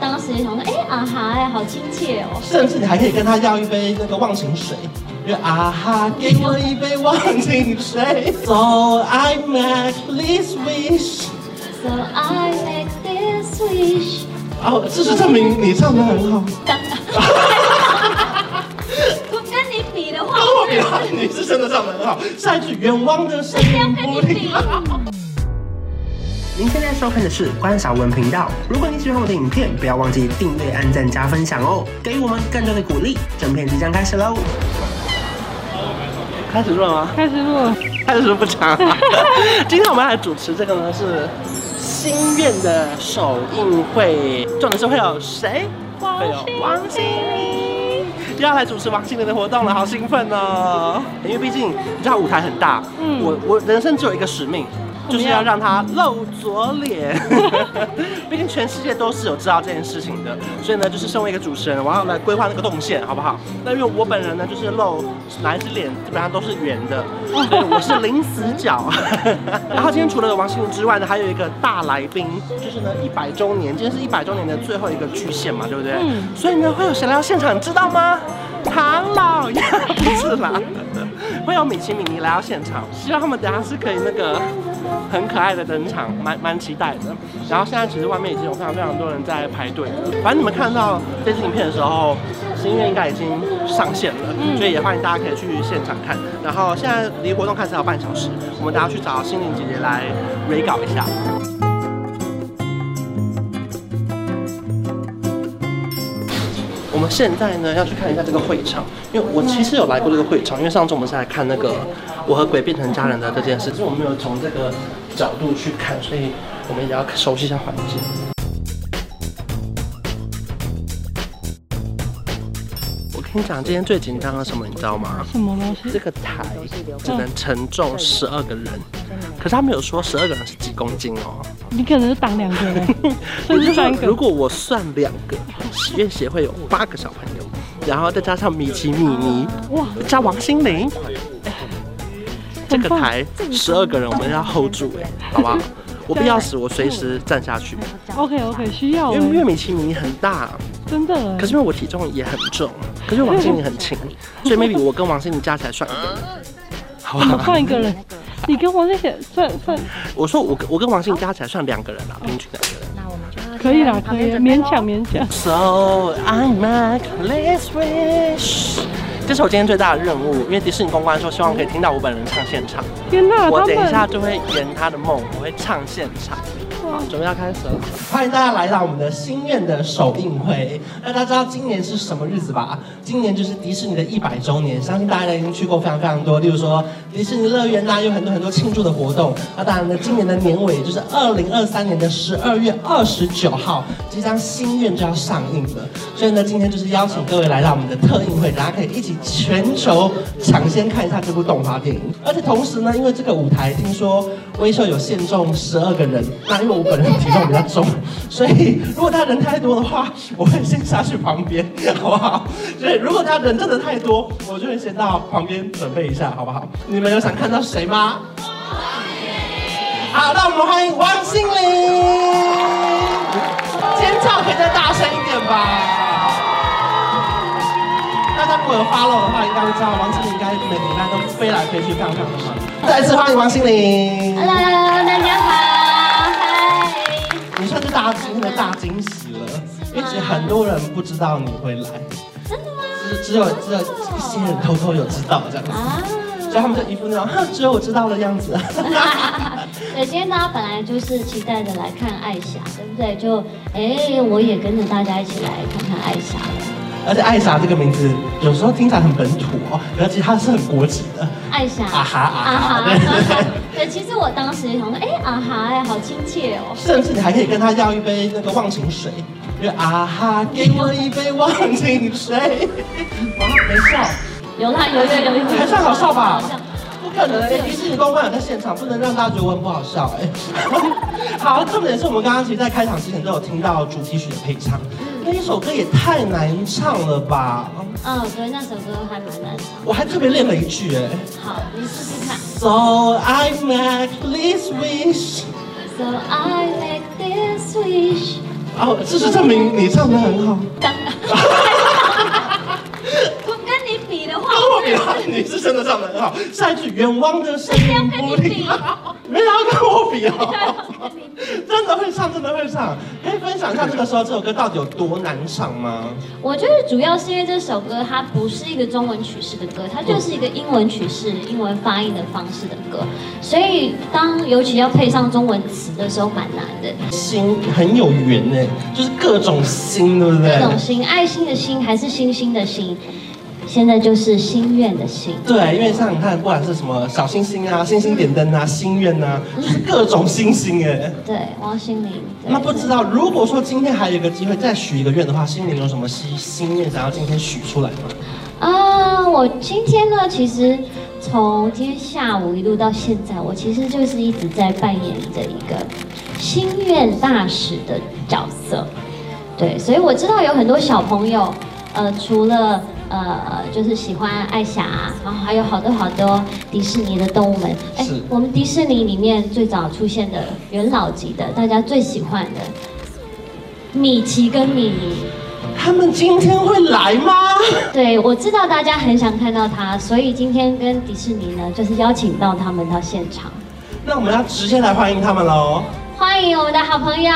當時也想說，哎、欸，阿、啊、哈哎、欸，好親切哦、喔。甚至你還可以跟他要一杯那個忘情水，因為阿哈給我一杯忘情水。So I make this wish，So I make this wish。哦，事實證明你唱得很好。哈哈哈哈哈哈！不跟你比的話，跟我比 你是真的唱得很好，下 一句願望的聲音。 您現在收看的是關韶文頻道。如果你喜歡我的影片，不要忘記訂閱、按讚、加分享哦，給予我們更多的鼓勵。正片即將開始嘍，開始錄了嗎？開始錄，開始錄不長。今天我們要來主持這個呢，是《星願》的首映會，重點是會有誰？會有王心凌，要來主持王心凌的活動了，好興奮哦！因為畢竟你知道舞台很大，嗯，我我人生只有一個使命。就是要讓他露左臉， 畢竟全世界都是有知道這件事情的，所以呢，就是身為一個主持人，我要來規劃那個動線，好不好？那因為我本人呢，就是露哪一隻臉基本上都是圓的，對，我是零死角。 然後今天除了王心凌之外呢，還有一個大來賓，就是呢一百周年，今天是一百周年的最後一個巨獻嘛，對不對？ 所以呢，會有誰來到現場，你知道嗎？唐老鴨不是啦， 會有米奇米妮來到現場，希望他們等下是可以那個。很可愛的登場，蠻蠻期待的。然後現在其實外面已經有非常非常多人在排隊。反正你們看到這支影片的時候，星願應該已經上線了，嗯、所以也歡迎大家可以去現場看。然後現在離活動開始還有半小時，我們大家去找心凌姐姐來 re 稿一下。我現在呢，要去看一下這個會場，因為我其實有來過這個會場，因為上次我們是來看那個《我和鬼變成家人》的這件事，我們沒有從這個角度去看，所以我們也要熟悉一下環境。 我跟你講，今天最緊張的是什麼，你知道嗎？什麼東西？這個台只能承重十二個人，可是他沒有說十二個人是幾公斤喔。你可能是當兩個，人。 是三個。如果我算兩個，喜願 協會有八個小朋友，然後再加上米奇米妮，哇，加王心凌，棒這個台十二個人，我們要 hold 住哎，好不好？來我不要死，我隨時站下去。OK OK，需要。因為米奇米妮很大，真的。可是因為我體重也很重，可是王心凌很輕，所以 maybe 我跟王心凌加起來算一個。好吧，們換一個人。你跟王心凌算算，嗯，我說我我跟王心凌加起來算兩個人了，啊，哦，平均兩個人。那我們就可以啦，可以勉強勉強。勉強 so I make this wish，這是我今天最大的任務，因為迪士尼公關說希望可以聽到我本人唱現場。天吶拉，我等一下就會圓他的夢，我會唱現場。好，準備要開始了，歡迎大家來到我們的星願的首映會。那大家知道今年是什麼日子吧？今年就是迪士尼的一百周年，相信大家已經去過非常非常多。例如說迪士尼樂園，那有很多很多慶祝的活動。那當然呢，今年的年尾就是二零二三年的十二月二十九號，即將星願就要上映了。所以呢，今天就是邀請各位來到我們的特映會，大家可以一起全球搶先看一下這部動畫電影。而且同時呢，因為這個舞台聽說威秀有限中十二個人，那因為。 我本人體重比較重，所以如果他人太多的話，我會先下去旁邊，好不好？所以如果他人真的太多，我就會先到旁邊準備一下，好不好？你們有想看到誰嗎？好歡迎、啊，讓我們歡迎王心凌。尖叫、嗯、可以再大聲一點吧！嗯、大家如果有 follow 的話，應該會知道王心凌應該每禮拜都飛來飛去看看。再一次歡迎王心凌。嗯、Hello，大家。這是大驚的大驚喜了，一直嗎很多人不知道你會來，真的嗎？只只有一些人偷偷有知道這樣子啊，所以他們就一副那種只有我知道的樣子。對， 對，今天大家本來就是期待着來看艾霞，對不對？就哎，欸、我也跟着大家一起來看看艾霞而且艾莎這個名字有時候聽起來很本土哦，而且它是很國際的。艾莎霞，啊哈，啊哈，啊哈，對，其實我當時也想說，哎、欸，啊哈，哎，好親切哦。甚至你還可以跟他要一杯那個忘情水，因為啊哈，給我一杯忘情水。啊、哈哇，好搞笑，有啦有啦有啦，還算好笑吧？可能迪士尼公關有在現場，不能讓大家覺得我很不好笑哎、欸。 好，重點是我們剛剛其實，在開場之前都有聽到主題曲的配唱，嗯、那一首歌也太難唱了吧？嗯、哦，所以那首歌還蠻難唱，我還特別練了一句哎、欸。好，你試試看。So I make this wish. So I make this wish. 哦，事實證明你唱得很好。 你是真的唱得很好，下一句冤望」的心不聽啊，沒要跟我比啊，真的會唱，真的會唱。可以分享一下這個時候 這首歌到底有多難唱嗎？我覺得主要是因為這首歌它不是一個中文曲式的歌，它就是一個英文曲式、英文發音的方式的歌，所以當尤其要配上中文詞的時候，蠻難的。心很有緣哎，就是各種心，對不對？各種心，愛心的心還是星星的心？現在就是心願的心，對，因為像你看，不管是什麼小星星啊、星星點燈啊、心願啊，就是各種星星哎。對，王心凌。那不知道，對如果說今天還有一個機會再許一個願的話，心凌有什麼心心願想要今天許出來嗎？啊，uh, 我今天呢，其實從今天下午一路到現在，我其實就是一直在扮演着一個心願大使的角色。對，所以我知道有很多小朋友，呃，除了。呃，就是喜歡艾莎，然後還有好多好多迪士尼的動物們。是。哎，我們迪士尼裡面最早出現的元老級的，大家最喜歡的米奇跟米妮。他們今天會來嗎？對，我知道大家很想看到他，所以今天跟迪士尼呢，就是邀請到他們到現場。那我們要直接來歡迎他們嘍！歡迎我們的好朋友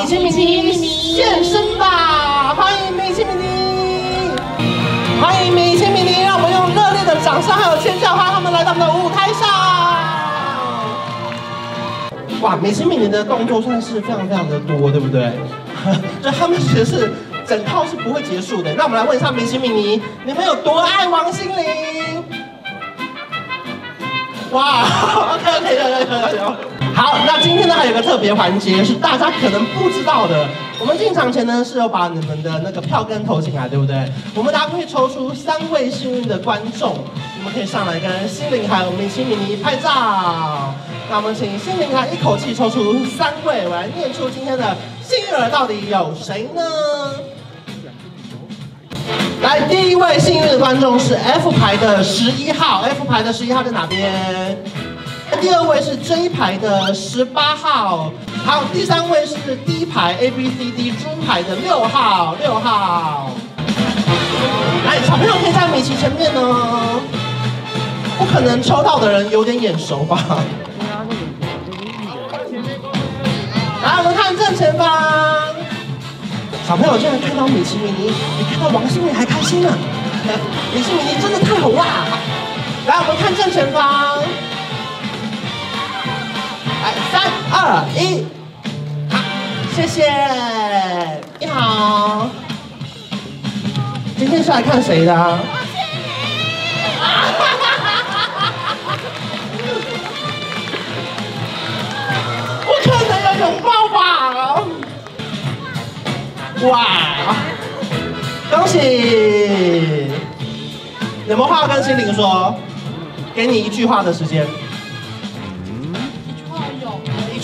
米奇、米妮現身吧！歡迎米奇、米妮。歡迎米奇米妮，讓我們用熱烈的掌聲還有尖叫，歡迎他們來到我們的舞台上。哇，米奇米妮的動作算是非常非常的多，對不對？ 就他們其實整套是不會結束的。那我們來問一下米奇米妮，你們有多愛王心凌？哇，OK OK OK OK OK。好，那今天呢還有個特別環節是大家可能不知道的，我們進場前呢是有把你們的那個票根投進來，對不對？我們待會會抽出三位幸運的觀眾，你們可以上來跟心凌還、我們心凌一拍照。那我們請心凌還一口氣抽出三位，我來念出今天的幸運兒到底有誰呢？來，第一位幸運的觀眾是 F 排的十一號，F 排的十一號在哪邊？第二位是這一排的十八號，好，還有第三位是第一排 A B C D 豬排的六號六號。號，來，小朋友可以在米奇前面哦。不可能抽到的人有點眼熟吧？來，我們看正前方。小朋友竟然看到米奇米妮，比看到王心凌還開心呢、啊？米奇米妮真的太紅啦！來，我們看正前方。一，謝謝你好。今天是來看誰的、啊？我可 能要有擁抱！哇，恭喜！有沒有話要跟心凌說？給你一句話的時間。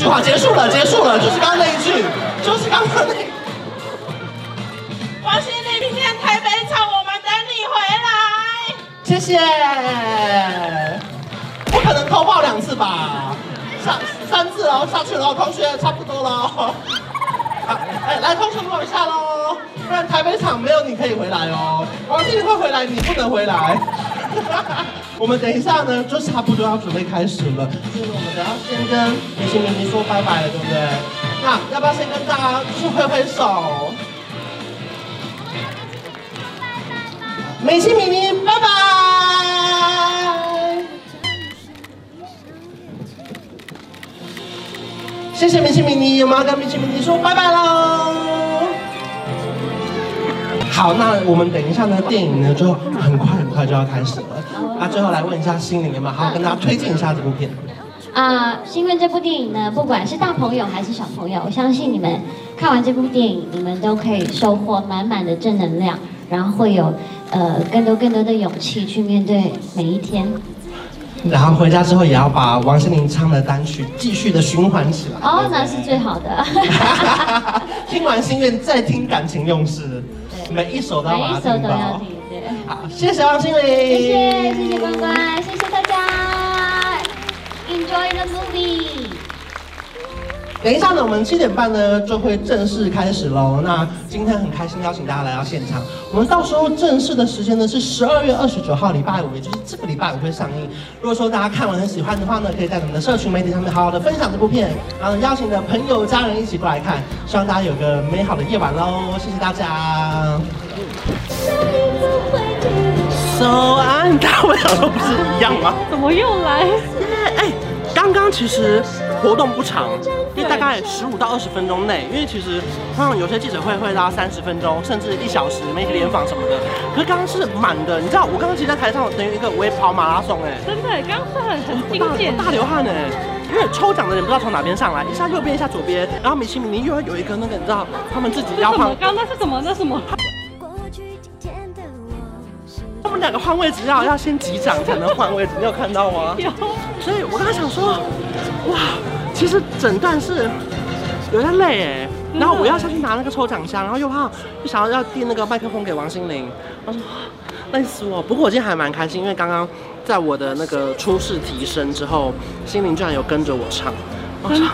句結束了，結束了，就是剛剛那一句，就是剛剛那。王心凌，明天台北場，我們等你回來。謝謝。不可能偷跑兩次吧？三三次哦，下去了哦，同學差不多了。好、 啊，哎，來，同學，往下嘍，不然台北場沒有你可以回來哦。王心凌會回來，你不能回來。 我們等一下呢，就差不多要準備開始了。所以我們等下先跟米奇米妮說拜拜了，對不對？那要不要先跟大家去揮揮手？我要跟米奇米妮說拜拜了，米奇米妮拜拜。Bye bye 謝謝米奇米妮，我們要跟米奇米妮說拜拜嘍。好，那我們等一下呢，電影呢就很快。快就要開始了，那、oh, okay. 啊、最後來問一下心凌嘛，好跟大家推薦一下這部片。啊，星願這部電影呢，不管是大朋友還是小朋友，我相信你們看完這部電影，你們都可以收穫滿滿的正能量，然後會有呃更多更多的勇氣去面對每一天。然後回家之後也要把王心凌唱的單曲繼續的循環起來。哦、oh,，那是最好的。 聽完星願再聽感情用事，每一首都要聽到。好，謝謝王、哦、心凌，謝謝謝謝關關，謝謝大家，Enjoy the movie。等一下呢，我們七點半呢就會正式開始嘍。那今天很開心邀請大家來到現場，我們到時候正式的時間呢是十二月二十九號禮拜五，也就是這個禮拜五會上映。如果說大家看完很喜歡的話呢，可以在我們的社群媒體上面好好的分享這部片，然後邀請的朋友家人一起過來看，希望大家有個美好的夜晚嘍。謝謝大家。 走啊！你打、no, 我兩手不是一樣嗎？怎麼又來？因哎、yeah, 欸，剛剛其實活動不長，因為大概十五到二十分鐘內。對因為其實他們對有些記者會會拉三十分鐘，甚至一小時，沒一個聯訪什麼的。可是剛剛是滿的，你知道？我剛剛其實在台上等於一個我也跑馬拉松哎、欸，真的，剛是很很大大流汗哎、欸。因為抽獎的人不知道從哪邊上來，一下右邊一下左邊，然後米奇米妮又要有一個那個你知道？他們自己要放。剛那是什麼？那什麼？我們兩個換位置要要先擊掌才能換位置，你有看到嗎？有。所以我剛才想說，哇，其實整段是有點累哎。然後我要下去拿那個抽獎箱，然後又怕又想要要遞那個麥克風給王心凌。我說累死我，不過我今天還蠻開心，因為剛剛在我的那個初試啼聲之後，心凌居然有跟着我唱。我說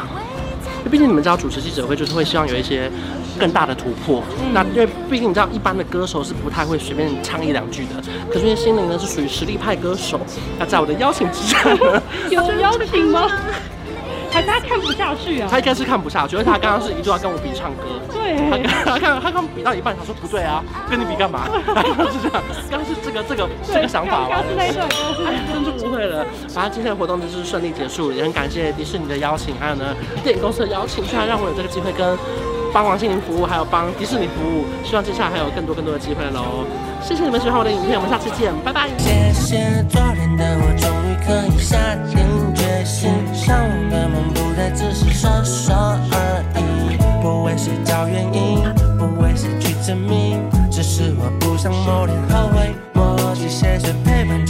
畢竟你們知道，主持記者會就是會希望有一些更大的突破。嗯、那因為畢竟你知道，一般的歌手是不太會隨便唱一兩句的。可是因為心凌呢，是屬於實力派歌手，那在我的邀請之下， 有這邀請嗎？還是他看不下去啊？他應該是看不下去，覺得他剛剛是一直要跟我比唱歌。對耶他剛剛，他剛他剛比到一半，他說不對啊，跟你比幹嘛？剛剛 是剛是這個這個對這個想法吧、哎？真是誤會了。反正是、啊、今天的活動就是順利結束，也很感謝迪士尼的邀請，還有呢電影公司的邀請，雖然讓我有這個機會跟幫王心凌服務，還有幫迪士尼服務，希望接下來還有更多更多的機會嘍。謝謝你們喜歡我的影片，是我們下次見，拜拜。謝,謝的，我終於可以下。心嚮往的夢不再只是說說而已，不為誰找原因，不為誰去證明，只是我不想某天後悔，莫及謝謝陪伴。